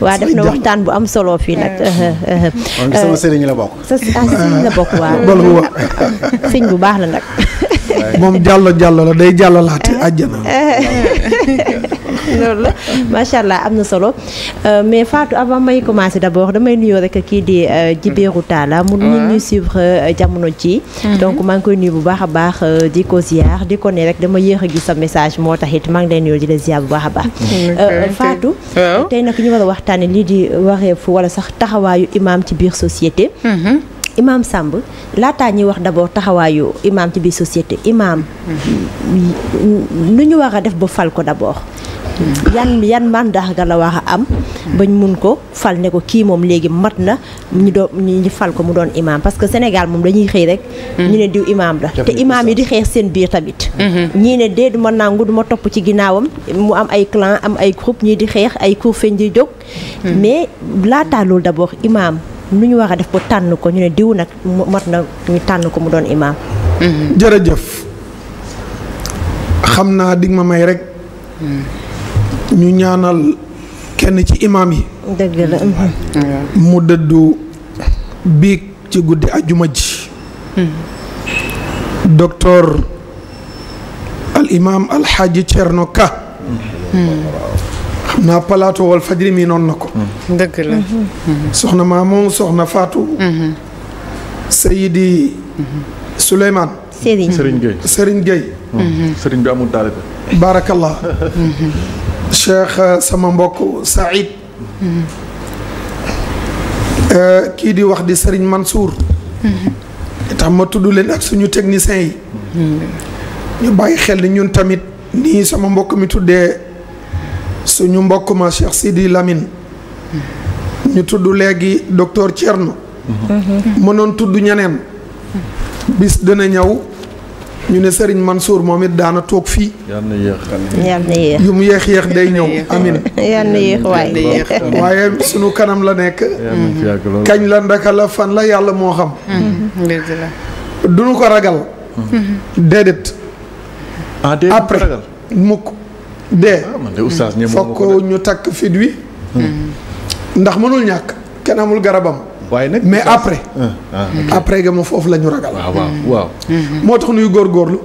waa def na waxtaan bu am solo fii nag. Ah. sama sëriñ la bokk. sa ah, sëriñ la bokk waaw. sëñ bu baax la nag. moom jàllo jàllo la day jàllalaati ah. àjjana. loolu la macha allah am na solo euh, mais Fatou avant may commencer d'abord damay nuyoo rek kii di euh, Djibirou mm-hmm. Talla mu ngi ñuy suivre euh, jamono ci mm-hmm. donc maa ngi koy nuyu bu baax a baax di ko ziar di ko ne rek dama yéex a gis sa message moo taxit it maa ngi lay nuyoo di la ziar bu baax a baax mm-hmm. Fatou tey nag ñu war a waxtaane lii di wala sax taxawaayu imaam ci biir société imaam Samb laataa ñuy wax d'abord taxawaayu imaam ci société imaam ñu war a def ba fal ko d'abord yan yan mandat la wax a am bañ mun ko fal ne ko kii moom léegi mat na ñu doon ñu fal ko mu doon imam parce que Sénégal moom dañuy xëy rek ñu ne diw imam la te imaam yi di xeex seen biir tamit mhm. ñii ne dee duma nangu duma topp ci ginnaawam mu am ay clan am ay groupe ñii di xeex ay cour feñ di jóg mhm. mais laataa loolu d'abord imam nu ñu war a def ko tànn ko ñu ne diw nag mat na ñu tànn ko mu doon imaam. Mhm. jërëjëf xam naa dig ma may rek. ñu ñaanal kenn ci imaam yi. mu dëddu biig ci guddi ajuma ji. Hmm. docteur al imaam al xaaji Thierno Ka. Hmm. xam naa palaatu wal fajri mi noonu na ko. Hmm. dëgg la. soxna faatu soxna Fatou. Seyidi Souleymane. Serigne Serigne Gueye. Serigne Gueye. Serigne bi baarakallah. cheikh eh, sama mbokk Saïd eh, kii di wax di Serigne Mansour tax ma tudd leen ak suñu techniciens yi ñu bàyyi xel ni ñun tamit nii sama mbokk mi tuddee suñu mbokk ma Cheikh Sidi Lamine ñu tudd léegi docteur Thierno mhm. mënoon tudd ñeneen bis dana ñaw ñu ne Serigne Mansour moom it daana toog fii. yal yu mu yéex yéex day ñëw amin yal na waaye waay waaye sunu kanam la nekk. kañ la ndaka la fan la yàlla moo xam. Mm-hmm. du ko ragal. Mm-hmm. déedéet. ah déedéet après mukk dee. Ah, fokk ñu takk fit wi. Mm-hmm. ndax mënul ñàkk kenn amul garabam. waaye nag mais après. Ah, ah, mm-hmm. après ga ma foofu la ñu ragal. waaw mm-hmm. Mm-hmm. moo tax nuy góorlu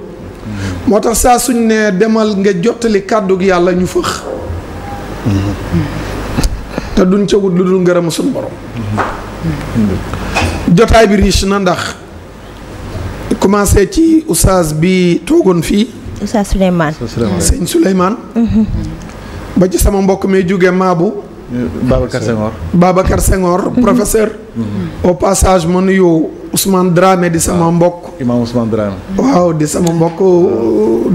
moo tax saa suñ ne demal nga jottali kàddu yàlla ñu fëx. te duñ ca wut lu dul ngërëm suñu borom. jotaay bi riche na ndax commencé ci oustaz bi toogoon fii. oustaz Souleymane. sëñ Souleymane. ba ci sama mbokk mi jóge Maabu. Babacar Senghor. Babacar Senghor professeur. au passage ma nuyoo Ousmane Dramé di sama mbokk. imam Ousmane Dramé. waaw di sama mm. mbokk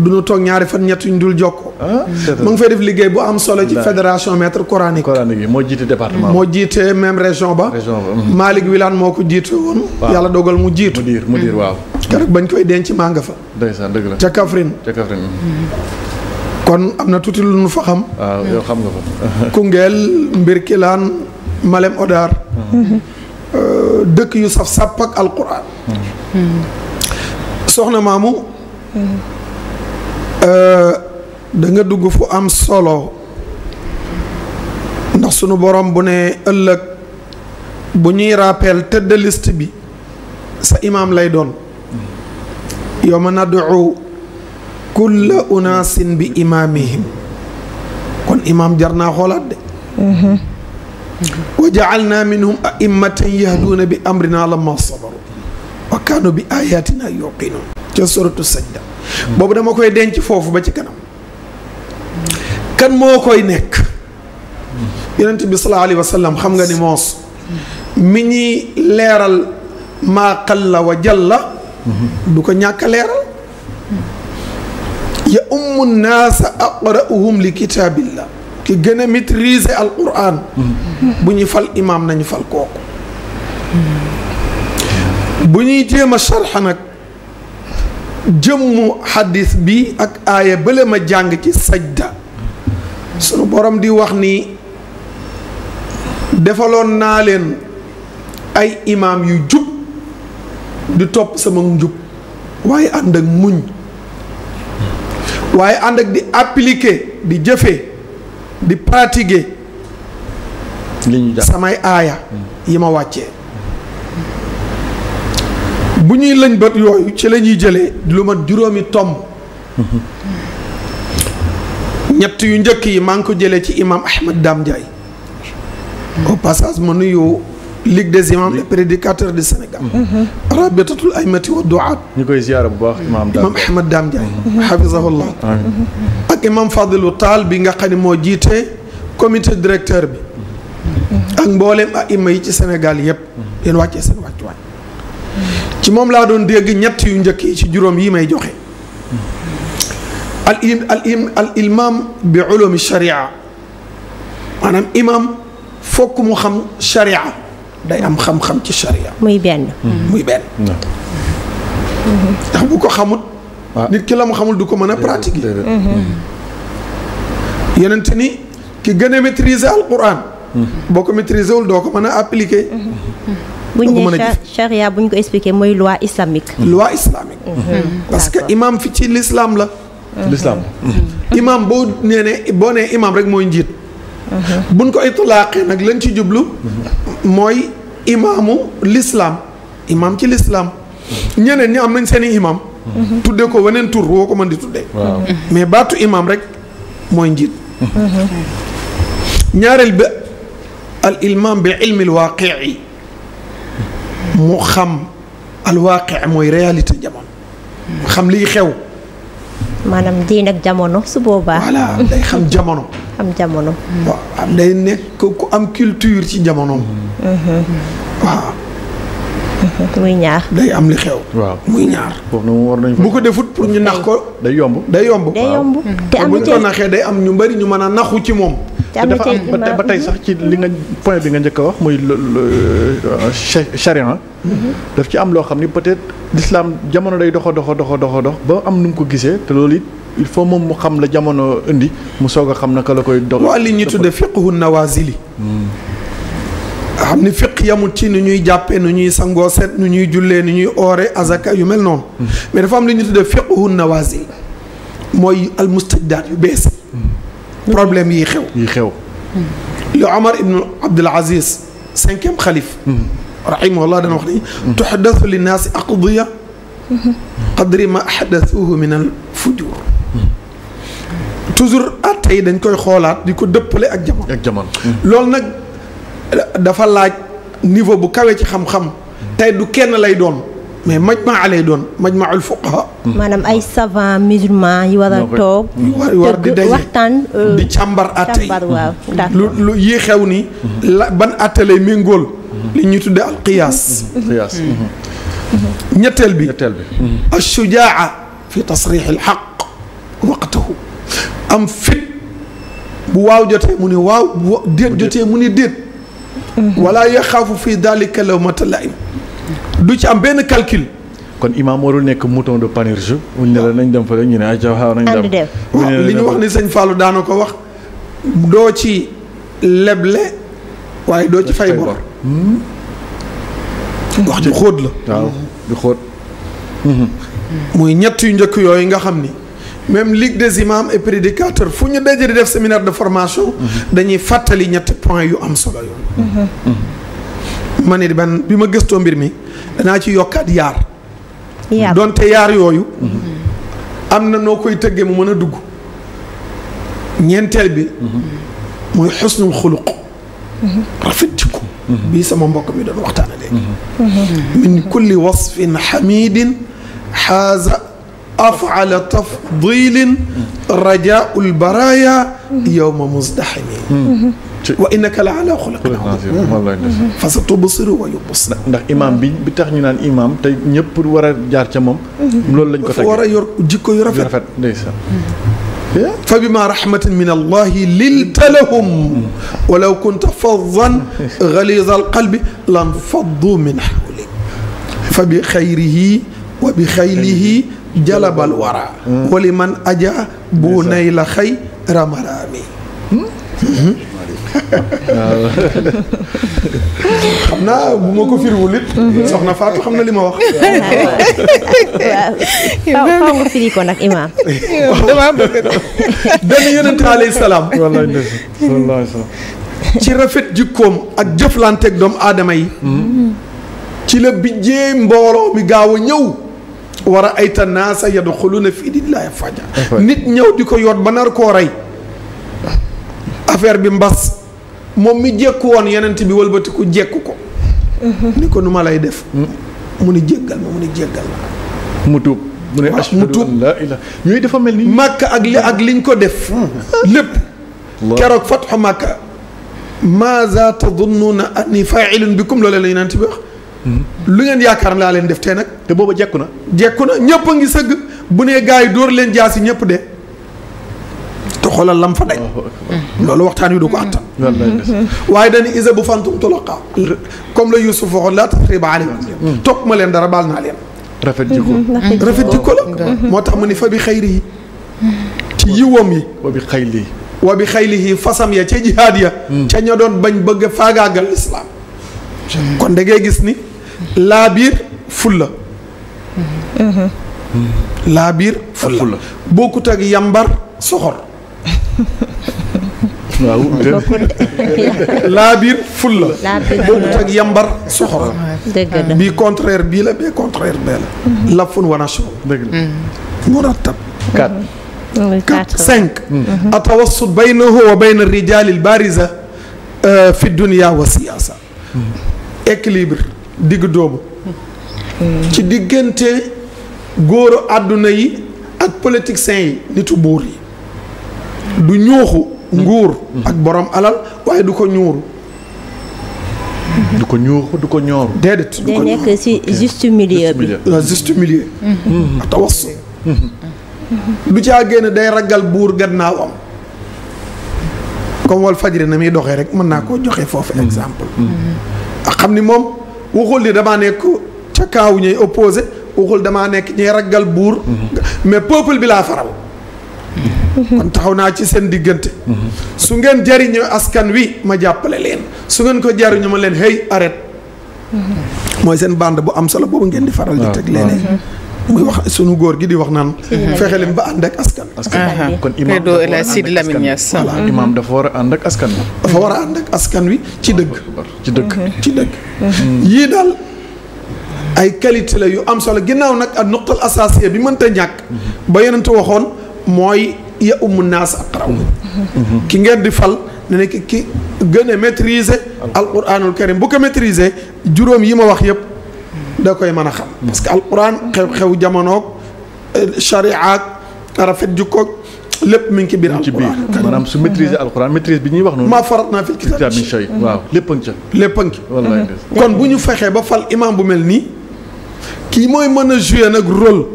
du ñu toog ñaari fan ñett ñu dul jokk. Ah, ma ngi fay bu am solo ci fédération maître coranique. moo jiite département moo jiite région ba. région ba mm. Malick Wilane moo ko jiite woon. yàlla dogal mu jiitu. mu mu diir mm. waaw. bañ koy denc maa nga fa. ndeysaan dëgg la ca Kaffrine ca kon am na tuuti lu nu fa xam. waaw yow xam nga fa. Koungheul Mbirkilaan Malem Odar. Euh, dëkk yu saf sàpp ak alquran. Hmm. soxna maamu. Hmm. Euh, danga dugg fu am solo ndax sunu borom bu ne ëllëg bu ñuy rappel tëdd liste bi sa imaam lay doon. yow hmm. yawma nad'u kulla unaasin bi imaamihim kon imaam jar naa xoolaat de. wa jaalna minhum aimmatan yahduuna bi amrina lamma sabaru wa kaanu bi ayatina yuqinun ca suratu sajda boobu dama koy denc foofu ba ci kanam kan moo koy nekk yonent bi xam nga ni moos mi ñuy leeral maa la wa jalla du ko ñàkk a leeral ya ummu naasa aqra'uhum li kitaabillah ki gën a maîtriser alquran bu ñuy fal imaam nañu fal kooku bu ñuy jéem a sarxa nag jëmmu xadis bi ak aaya bële ma jàng ci sajda sunu boroom di wax ni defaloon naa leen ay imaam yu jub di topp sama njub waaye ànd ak muñ waaye ànd ak di appliquer di jëfee di pratiquer samay aaya hmm. yi ma wàccee bu ñuy lëñ bët yooyu ci la ñuy lu mat juróomi tomb hmm. ñett yu njëkk yi maa ngi ko jëlee ci imam Ahmed Dame Ndiaye au ma nuyu ligue des imams et prédicateurs de Sénégal. Mm-hmm. Mm-hmm. rabitatul aymati wa duaat. ñu koy ziyaara bu baax imaam mm-hmm. ak imaam Fadilu Taal bi nga xam ne moo jiite comité directeur bi. ak mboolem ak ima yi ci Sénégal yëpp. yéen wàccee seen wàccuwaay. ci moom laa doon dégg ñett yu njëkk yi ci juróom yi may joxe. al im al im al sharia maanaam imam fokk mu xam sharia. day am xam-xam ci charia muy benn mm-hmm. muy benn mm-hmm. ndax bu ko xamut ah. nit ki la mu xamul du ko mën a pratiquer mm-hmm. yenente ni ki gën a maîtriser alquran boo ko maîtriser wul doo ko mën a appliquer buñ ne charia buñ ko expliquer mooy loi islamique loi islamique parce que imam fi ci lislaam la l'islam boo nee ne rek mooy njiit buñ ko itlaaqee nag lañ ci jublu mooy imaamu lislaam imaam ci lislaam ñeneen ñi am nañ seeni imaam tuddee ko weneen tur woo ko mën di tudde mais baatu imaam rek mooy njiit ñaareel bi al ilmaam bi ilmi al waaqii mu xam al waaqii mooy réalité jamono xam liy xew maanaam diin jamono su boobaa voilà day xam jamono am jamono. waaw am day nekk ku am culture ci jamono. Mm-hmm. waaw. Mm-hmm. muy ñaar. day am li xew. waaw muy ñaar. bu ko defut pour ñu nax ko. day yomb day yomb. day yomb mm-hmm. te am ñu am ñu bari ñu mën a naxu ci moom. te dafa am ba tey sax ci li nga point bi nga njëkk a wax muy euh, charia daf ci am loo xam ni peut-être l'islam jamono day dox dox dox doxo dox ba am nu mu ko gisee te loolu it. il faut moom mu xam la jamono indi mu soog a xam naka la koy dox waa li ñu tudde fiqhu nawazili xam ni fiq yamut ci nu ñuy jàppe nu ñuy sangoo set nu ñuy jullee nu ñuy oore azaka yu mel noonu mais dafa am li ñu tudde fiqhu nawazil mooy almustajdaat yu bees problème yi xew yi xew lu Omar ibnu Abdul Aziz cinquième xalif rahimahullah dana wax ni tuxdasu linnaasi aqdiya qadri ma axdasuhu min al fujur toujours atte ah, yi dañ koy xoolaat di ko dëppale ak jamono. ak jamono. Mm-hmm. loolu nag dafa laaj niveau bu kawe ci xam-xam. tey du kenn lay doon. mais majmaa lay doon majmaul fuqaha mm-hmm. maanaam ay savant musulman yi war a toog. Mm-hmm. war di daje waxtaan. Euh, di càmbar atte yi lu lu yii xew ni la ban atte lay méngóol. li ñuy tuddee al qiyaas. ñetteel bi ñetteel bi. ashujaa fi tasriix al am fit bu waaw jotee mu ni waaw bu déet jotee mu ni déet mm-hmm. wala yaxaafu fii daalika lawmata laa'im du ci am benn calcul kon imaam warul nekk mouton de Panurge. wuñ ne la nañ dem fa rek ñu ne ayca waaw nañ dem. li ñu wax ni sañ Fallou daana ko wax. doo ci leble waaye doo ci fay bor. Hmm. wax ju xóot la. waaw ju xóot. Hmm. muy ñett yu njëkk yooyu nga xam ni. même ligue des imams et prédicateurs fu ñu daje di def séminaire de formation. Mhm. dañuy fàttali ñetti point yu am solo yooyu. Mhm. Mhm. ma ne bi ma gëstoo mbir mi danaa ci yokkaat yaar. yaar donte yaar yooyu. am na noo koy tëggee mu mën a dugg. ñeenteel bi. mooy xusnul xuluq. rafet jikko. bii sama mbokk mi doon waxtaana léegi. min kulli wasfin xamidin xaaza. afala tafdilin rajau lbaraya yowma musdaximi wa innaka la ala xulaqin aziim fa sa tubsiru wa yubsir ndax imaam bi bi tax ñu naan imaam te ñëpp war a jaar ca moom loolu lañ ko teg war a yor jikko yu rafet rafet ndeysaan fa bima rahmatin min allahi lilta lahum walaw kunta faddan galiza alqalbi lan faddu min hawlik fa bi xayrihi wa bi xaylihi jalabal wara hmm. wali man aja bu nay la xëy ramaraami hmm? hmm? xam naa bu ma ko firiwul it. soxna Fatou xam na li ma wax. waaw waaw nga firi ko nag salaam. ci rafet jikkoom ak jëflanteeg doom aadama yi. ci la bijjee mbooloo mi gaaw a ñëw. wa raayta naasa yadxuluuna fii diinillaahi afwaaja nit ñëw di ko yoot ba nar koo rey affaire bi mbas moom mi jékk woon yonent bi walbatiku jékk ko mhm. ni ko nu ma lay def mm. mu ni jéggal ma mu ni mu tuub mu ne mu mel ni màkk ak li ak liñ ko def mm-hmm. lépp keroog fatxu màkka maaza tadunnuuna anni faa'ilun bikum loolu la yonent bi wax lu ngeen yaakaar laa leen def tey nag. te booba jekku na. jekku na ñëpp a ngi sëgg bu nee gars yi dóor leen jaasi ñëpp de te xoolal lam fa daj. loolu waxtaan wi du ko attan. waaye dañuy isa bu fantum tulaqa comme la Youssouf waxoon laa tasriba alayhim mm. topp ma leen dara baal naa leen. rafet jikko mm-hmm. rafet jikko mm-hmm. Mm-hmm. moo tax mu ni fa bi yi. ci yiwam yi. wa bi xayli. wa xëyli xaylihi fasam ya ca jihaad ya. Mm. ca ña doon bañ bëgg a faagaagal islam. Mm. kon da gis ni. laa biir fulla laa biir fulla bokkut ak yambar soxor waaw laa biir fulla bokkut ak yambar soxor bii contraire bii la bee contraire bee la mhm. lafun wanasho mhm. murattab quatre cinq mhm. atawassut baynahu wa bayna rijalil bariza euh, fi dunia wa siyaasa équilibre digg doomu ci diggante góoru àdduna yi ak politiciens yi nitu buur yi du ñuuxu nguur ak borom alal waaye du ko ñuuru du ko ñuuxu du ko ñooru déedéet du ko ñooru day nekk ci juste euh, mm-hmm. du caa génn day ragal buur gannaaw am comme wal fajri na muy doxee rek mën naa koo joxe foofu mm-hmm. exemple mm-hmm. ak xam ni moom waxul ni damaa nekk ca kaaw ñuy opposé waxul damaa nekk ñuy ragal buur mais peuple bi laa faral kon taxaw naa ci seen diggante su ngeen jariñu askan wi ma jàppale leen su ngeen ko jariñu ma leen hey arrête mm-hmm. mooy seen bande bu am solo boobu ngeen di faral di teg léeg-léeg muy wax sunu góor gi di wax naan. fexe leen ba ànd ak askan. kon imaam dafa war a ànd ak askan dafa war a ànd askan wi. dafa war a ànd ak askan wi ci dëgg. ci dëgg mhm. ci dëgg. Mhm. yii daal ay qualité la yu am solo ginnaaw nag ak nuqtal asasiya bi mënta ñàkk. Mhm. ba yonent waxoon mooy ya umu naas aqraw ki ngeen di fal. ne ki ki gën a maîtriser. alquranul karim bu ko maîtriser juróom yi ma wax yëpp. da koy mën a xam parce que alquran xew-xew jamonoog euh, shariaak rafet jukkoog lépp mi ngi ci biir alquran maanaam su maîtriser alquran maîtrise bi ñuy wax noonu. maa farat naa fi kitaab min shay waaw lépp a ngi ca lépp a kon bu ñu fexee ba fal imam bu mel nii kii mooy mën a jouer nag rôle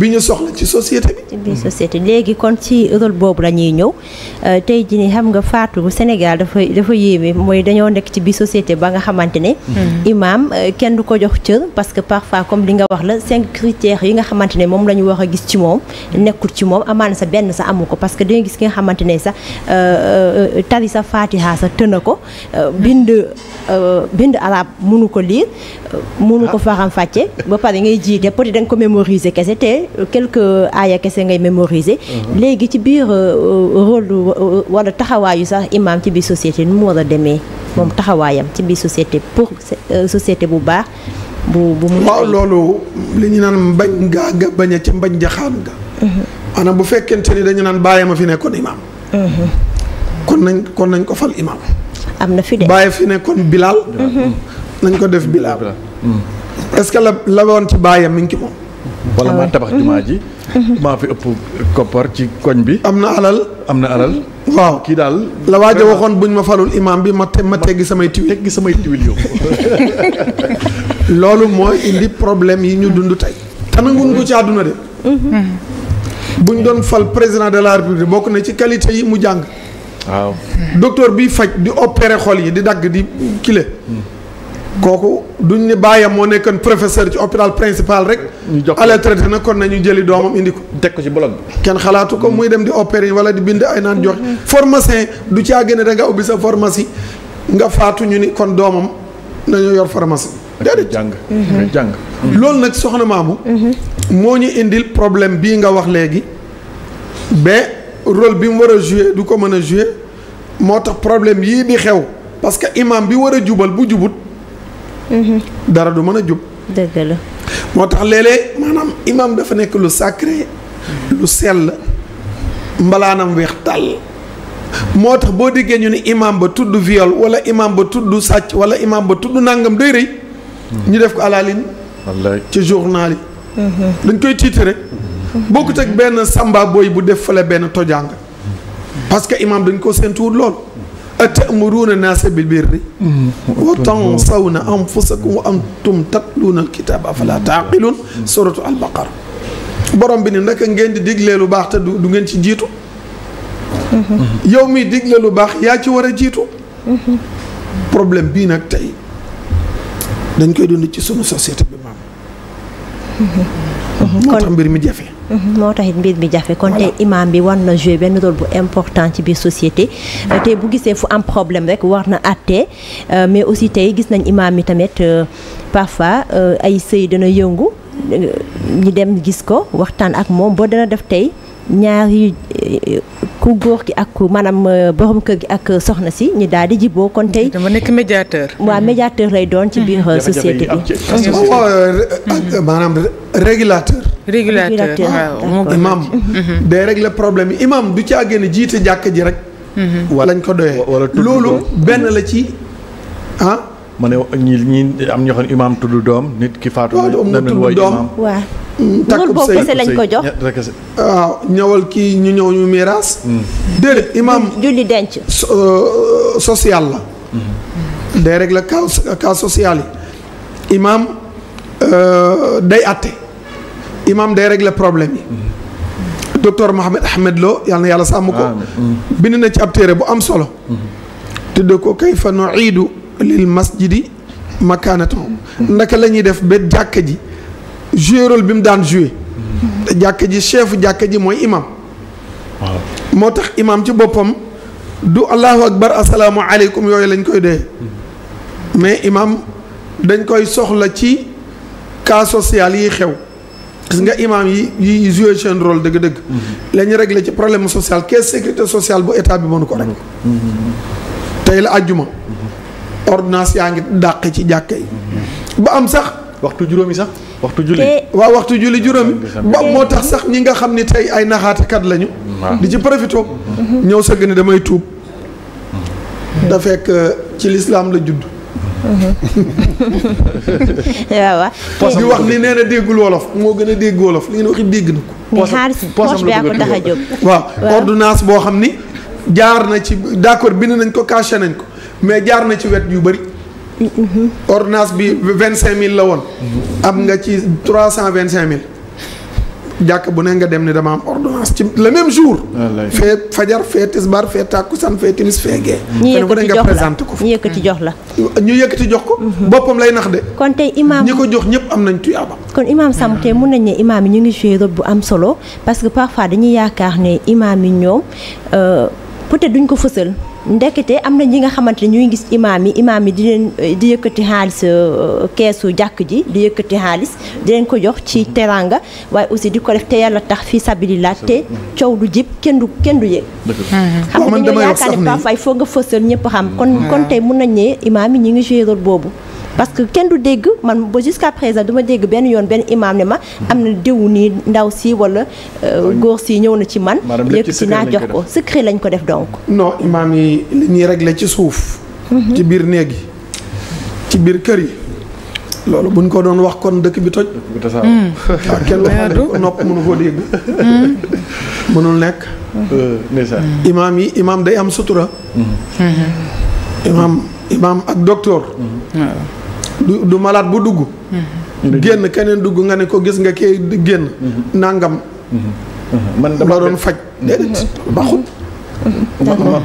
bi ñu soxla ci société bi. ci biir société léegi kon ci rôle boobu la ñuy ñëw euh, tey jii nii xam nga Fatou Sénégal dafa dafa yéeme mooy dañoo nekk ci biir société ba nga xamante ne. Mm-hmm. imam euh, kenn du ko jox cër parce que par parfois comme li nga wax la cinq critères yi nga xamante ne moom la ñu war a gis ci moom. nekkul ci moom amaana sa benn sa amu ko parce que dañuy gis ki nga xamante ne sax euh, tari sa Fatiha sa tëna ko. bind bind arab mënu ko liir mënu ko ah. faram fàcce ba pare ngay jiite peut da nga kese te. ne euh, aaya kese ngay mémoriser. Mhm. léegi ci biir euh, euh, rôle wala taxawaayu sax imaam ci biir société nu mu war a demee moom taxawaayam ci biir société pour société bu baax bu bu mu. waaw loolu li ñu naan mbañ gaa nga bañ a ca mbañ jaxaan ga. Mhm. maanaam bu fekkente ni dañu naan bàyyi ma fi nekkoon imaam. Mhm. kon nañ kon nañ ko fal imaam. am na fi de bàyyi fi nekkoon bilaal. nañ ko def bilaal. est que la la woon ci bàyyam mi ngi moom. wala ah maa tabax jumaa mhm. ji maa fi ëpp koppar ci koñ bi am na alal am na alal waaw kii daal la waaja waxoon buñ ma falul imam bi ma ma teggi samay tiwil teggi samay tiwil yow loolu mooy indi problème yi ñu dund tey te nanguñ ko ci àdduna de mhm. buñ doon fal président de la république bokk na ci qualité yi mu jàng waaw docteur bi faj di opérer xol yi di dagg di kile mm. kooku duñ ni bàyyam moo nekkoon professeur ci hôpital principal rek. ñu jox allé traité na kon nañu jëli doomam indi ko. teg ko ci bloc bi. kenn xalaatu ko muy dem di opérer wala di bind ay naan jox mm-hmm. pharmacien du caa gën a da nga ubbi sa pharmacie nga faatu ñu ni kon doomam nañu yor pharmacie. déedéet jàng mm-hmm. jàng. Mm-hmm. loolu nag soxna maamu. moo ñu indil problème bii nga wax léegi. ba role bi mu war a joué du ko mën a joué moo tax problème yii di xew parce que imam bi war a jubal bu jubut. Mm-hmm. dara du mën a jub. dëgg la moo tax léeg-léeg maanaam imaam dafa nekk lu sacré lu sell mbalaanam weex tàll moo tax boo déggee ñu ni imaam ba tudd viol wala imaam ba tudd sàcc wala imaam ba tudd nàngam day rëy. ñu def ko alaalin. ci journal yi. Mm-hmm. dañ koy tiitare. bokkut ak benn samba bu def fële benn tojàng. parce que imaam dañ ko séntuwul lool. atamuruna naasa bil birri wa tansawna anfusakum wa antum tatluuna alkitaaba afala taaqiluun suratu albaqara borom bi ni naka ngeen di digle lu baax te du ngeen ci jiitu yow mi digle lu baax yaa ci war a jiitu problème bii nag tey dañ koy dund ci sunu société bi maam moo tax mbir mi jafe moo taxit mbir mi jafe kon tey imam bi war na jouer benn rôle bu important ci biir société mm-hmm. tey bu gisee fu am problème rek war na àtte euh, mais aussi tey gis nañ imam yi tamit euh, parfois euh, ay sëy dana yëngu ñu dem gis ko waxtaan ak moom boo dana def tey ñaari ku góor ki ak maanaam euh, borom kër gi ak soxna si ñu daal di jiboo kon tey. dama nekk médiateur. waa mm-hmm. médiateur lay doon ci biir euh, société bi. Oh, euh, maanaam régulateur. régulateur waaw moo gën imam mm-hmm. day régler problème yi imam du caa génn jiite jàkk ji rek. Mm-hmm. wala lañ ko doyee loolu benn la ci ah. ma ne ñi ñi am ñoo xam ne imam tudd doom nit ki faatu. waaw tudd doom takku boobu kese lañ ko jox waaw ah, ñëwal kii ñu ñëw ñu miiras. Mm. déedéet imaam julli denc. Euh, social la. Mm-hmm. day régler cas cas social yi. imaam euh, day atte. imaam day régler problème yi. Mm-hmm. docteur Mohamed Ahmed Lo yal yàlla sàmm ko. bind na ci ab téere bu am solo. Mm-hmm. tudde ko kayfa nu'iidu lil masjidi makaanatahu. naka lañuy def ba jàkka ji. joué rôle bi mu daan joué. te mm-hmm. jàkk ji chefu jàkk ji mooy imam. waaw moo tax imam ci boppam du allahu akbar asalaamu aleykum yooyu lañ koy dee. Mm-hmm. mais imam dañ koy soxla ci cas sociale yi xew. gis nga mm-hmm. imam yi yi joué seen role dëgg-dëgg. la ñu ci problème social caisse sécurité sociale bu état bi mënu ko rek. tey la àjjuma. ordonnance yaa ngi dàq ci jàkka yi. ba am sax. waxtu juróomi sax. waxtu julli waaw waxtu julli juróomi ba moo tax sax ñi nga xam ni tey ay naxaatekat lañu di ci profité ñëw sëgg ne damay tuub da fekk euh, ci lislaam la judd waaw waaw. di wax ni nee déggul wolof moo gën a dégg wolof li ngeen dégg na ko. poche waaw ordonnance boo xam ni jaar na ci d'accord bind nañ ko caché nañ ko mais jaar na ci wet yu bari. ordonnance bi vingt cinq mille la woon. am nga ci trois cent vingt cinq mille. jàkk bu ne nga dem ne dama am ordonnance ci le même jour. fee fajar fee tisbaar fee tàkkusaan fee timis fee gee. ñu yëkkati la nga présenté ko. ñu yëkkati jox la. ñu yëkkati jox ko. Mhm. boppam lay nax de. kon tey imaam ñi ko jox ñëpp am nañ tuyaaba. kon imaam Samb tey mun nañ ne imaam yi ñu ngi joué rôle bu am solo parce que parfois dañuy yaakaar ne imaam yi ñoom euh, peut-être duñ ko fësal. ndekete am na ñi nga xamante ne ñuy gis imaam yi imaam yi di leen di yëkkati xaalis euh, keesu jàkk ji di yëkkati xaalis di leen ko jox ci teranga waaye aussi di ko def te yàlla tax fii sabilillah te coow du jib kenn du kenn du yëg mm-hmm. xam nga dañoo yaakaar ne fay foo faut nga fësal ñëpp xam kon kon mm-hmm. tey mun nañ ne imaam yi ñu ngi joué rôle boobu parce que kenn du dégg man ba jusqu'à présent du dégg benn yoon benn imaam ne ma am na diw nii ndaw si wala euh, góor si ñëw na ci man yëg si naa jox ko secret lañ ko def donc non imaam yi li ci suuf mhm. ci biir néeg ci biir kër yi loolu buñ ko doon wax kon dëkk bi toj hmm. waaw kenn wax nopp mënu koo dégg hmm. mënul nekk hmm. euh, imaam yi imaam day am sutura imaam imaam ak docteur du du malade bu dugg. génn keneen dugg nga ne ko gis nga kee génn. Mhm. nangam. man dama doon faj. déedéet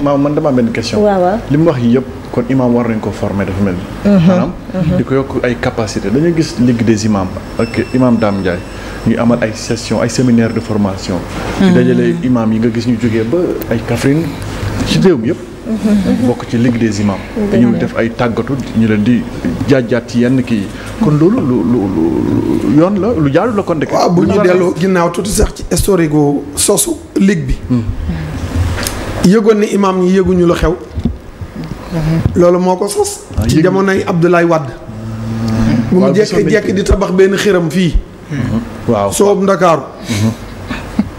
ma man dama am benn question. li mu wax yii yëpp kon imam war nañ ko former dafa mel ni. Mhm. maanaam mhm. ko yokk ay capacité dañu gis ligue des imams ak imam Dame Ndiaye ñuy amal ay session ay séminaire de formation. di dajale yi nga gis ñu jógee ba ay Kaffrine ci réew mi yëpp. bokk ci ligue des imams te def ay tàggatu ñu leen di jaajjaat ci yenn kii kon loolu lu lu yoon la lu jaadu la kon de bu ñu delloo ginnaaw tuuti sax ci historique gu sosu ligue bi hmm. yëgoon ni imaam ñi yëguñu lu xew hmm. loolu moo ko sos ah, ci jamonoy Abdoulaye Wade bu hmm. mu jekki jekki di tabax benn xiram fii soob Ndakaaru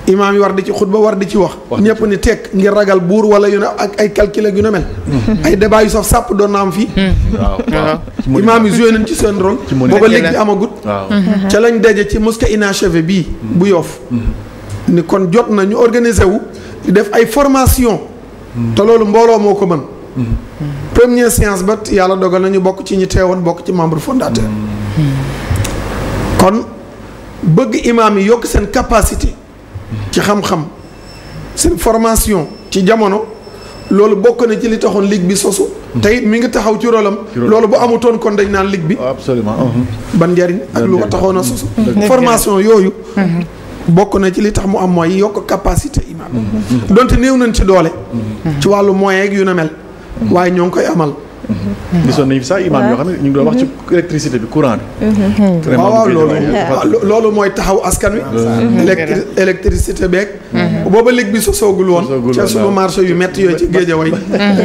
imaam yi war di ci xutba war di ci wax. ñëpp ni tekk ngir ragal buur wala yu ne ak ay calcul ak yu ne mel. Hmm. ay débat yu saf sàpp doon na am fii. Hmm. waaw imaam yi joué ci seen rôle. ci booba léegi amagut. Hmm. ca lañ daje ci mosquée inachevé bi bu yoof ni kon jot na ñu organiser wu def ay formation te loolu mbooloo moo ko mën. première séance ba yàlla dogal na ñu bokk ci ñi teewoon bokk ci membre fondateur. kon bëgg imaam yi yokk seen capacité. ci xam-xam seen formation ci jamono loolu bokk na ci li taxoon ligue bi sosu mm-hmm. tey mi ngi taxaw ci rolam loolu bu amutoon kon dañ naan ligg bi oh, absolument mm-hmm. ban njariñ ak lu ko taxoon a sosu mm-hmm. formation yooyu bokk na ci li tax mu am mooy yokk capacité imam donte néew nañ ci doole ci wàllu moyen ak yu na mel waaye ñoo ngi koy amal Mm-hmm. gisoon nañu fi sax imaam yoo xam ne ñu ngi doon wax ci mm-hmm. électricité bi courant bi. waaw mm-hmm. waaw loolu mooy taxaw askan wi. électri électricité booba léegi bi sosoogul woon. ca suba marché yu métti yooyu ci géejawaay.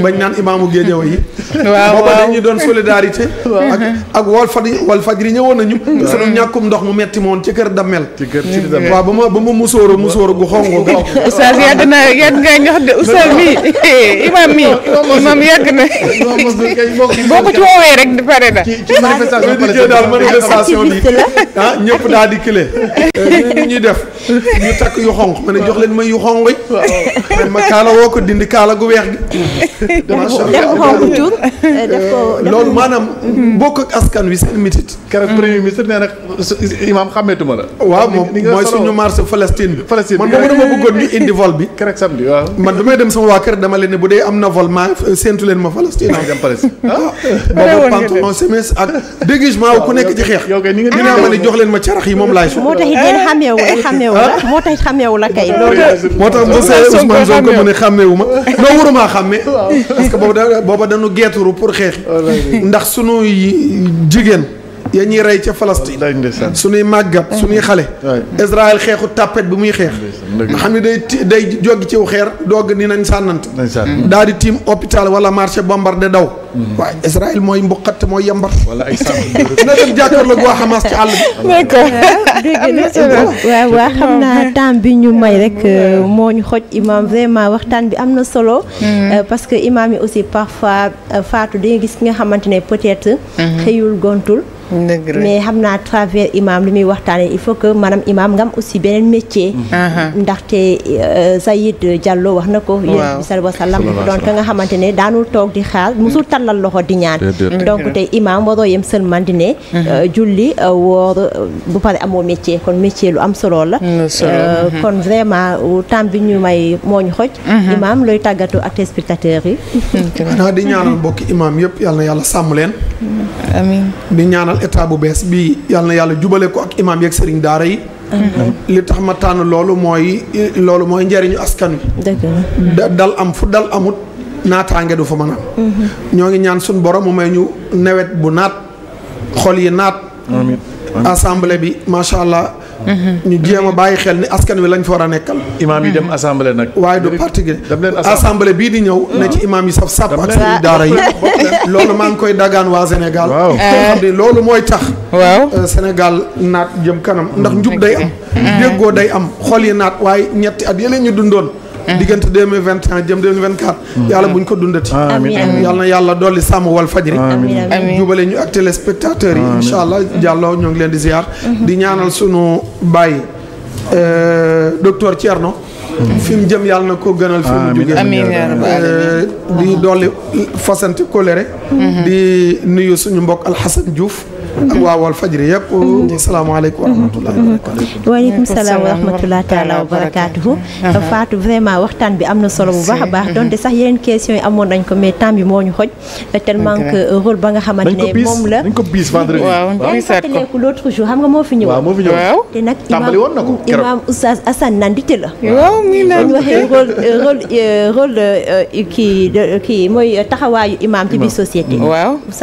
bañ naan imaamu géejawaay yi. waaw booba dañuy doon solidarité. ak ak Walfadjri Walfadjri ñëwoon nañu. waaw sunu ñàkkum ndox mu métti ma woon ci kër Damel. ci kër ci Damel waaw ba ma ba ma gu xongo ga. yàgg na yàgg nga ñox de oustaz mi imaam mi moom yàgg na. boo ko ci woowee rek di pare na. ci manifestation bi daal manifestation bi ñëpp daal di clé. ñu euh, ñuy def ñu takk yu xonq ma ne jox leen ma yu xonq yi. waaw ko dindi kaala gu weex gi. macha allah euh, loolu maanaam. bokk ak askan wi seen mitit. keroog hmm. premier ministre nee na imaam xàmmeetuma la. waaw moom mooy suñu marché Palestine bi. Palestine bi man moom dama bëggoon ñu indi vol bi. keroog samedi waaw. man damay dem sama waa kër dama leen bu dee am na vol ma séntu leen ma Palestine. si. boobu pantalon chemise ak déguisement ku nekk ci xeex. yow kay ni jox leen ma carax yi moom laay so. moo tax it ngeen xàmmeewu ah. moo tax xàmmeewu la kay. moo tax bu see Ousmane Sonko mu ne xàmmeewu ma noo waruma xàmme. parce que boobu da booba dañu geeturu pour xeex. ndax sunu jigéen. ya ñuy rey ca Palestine suñuy màggat suñuy xale Israël xeexu tàppet bi muy xeex nga xam ne day day joggi ciw xeer dogg ni nañ sànnant mm-hmm. daal di tiim hôpital wala marché bombardé daw mm-hmm. waaye Israël mooy mbuqat mooy yambar na dem jàkkaarloo waa Hamas ci àll bi d'accord dégg na waaw xam naa temps bi ñu may rek euh, moo ñu xoj imam vraiment waxtaan bi am na solo mm-hmm. euh, parce que imam yi aussi parfois euh, faatu di gis ki nga xamante ne peut xëyul gontul mais xam naa traver imam li muy waxtaanee il faut que maanaam imam nga am aussi beneen métier. ndaxte euh, Sayid Diallo wax na ko. waaw yéen bi sallallahu alayhi wa sallam doon nga xamante ne daanul toog di xaar musul tàllal loxo di ñaan. donc tey imam waroo yem seulement di ne. Euh, julli euh, woor bu pare amoo métier kon métier lu am solo la. kon vraiment temps bi ñu may moo ñu xoj. imam looy tàggatoo ak tes spectateurs yi. di ñaanal mbokki imam yëpp yal yàlla sàmm leen. amiin ñaanal. état bu bees bi yàlla na yàlla jubale ko ak imaam yeeg sëriñ daara yi. li tax ma tànn loolu mooy loolu mooy njëriñu askan wi. dal am fu dal amut naataange du fa mën a. Mm-hmm. ñoo ngi ñaan suñ borom mu may ñu nawet bu naat xol yi naat. assemblée bi macha allah Mm-hmm. ñu jéem a bàyyi xel ni askan wi lañ fa war a nekkal. imaam yi dem mm-hmm. assemblée nag. waaye du parti gi assemblée bii di ñëw. Mm-hmm. na ci imaam yi saf sàpp ak seen daara yi. loolu maa ngi koy dagaan waa Sénégal. waaw xam ne loolu mooy tax. waaw euh, Sénégal naat jëm kanam. ndax njub day am. déggoo day am xol yi naat waaye ñetti at yële ñu dundoon. Eh. diggante deux mille vingt et un jëm deux mille vingt quatre. Mm. yàlla buñ ko dundati. amiin yal na yàlla dolli sàmm wal fajri. amiin jubale ñu ak téléspectateurs yi. incha allah jàlloo mm-hmm. ñoo ngi leen di ziar. Mm-hmm. di ñaanal suñu bàyyi euh, docteur Thierno. Mm-hmm. fi mu jëm yàlla na ko gënal. fi mu jógee euh, di dolli fasante colère. di nuyu suñu mbokk Alxasan Diouf. ak waa Walfadjri yëpp. salaamaaleykum wa rahmatulah. waaleykum salaam wa rahmatulah taala wa barakaatuhu. Fatou vraiment waxtaan bi am na solo bu baax a baax. donte sax yeneen question yi amoon nañ ko mais temps bi moo ñu xoj. tellement que rôle ba nga xamante ne moom la. dañ ko bis vendredi. waaw dañ ko l'autre jour xam nga moo fi ñëw. waaw moo fi ñëw waaw. te nag imaam imaam Oustaz Assane Nandite la. waaw muy naan ñu waxee rôle euh, rôle euh, rôle euh, kii kii mooy taxawaayu imaam ci biir société. waaw.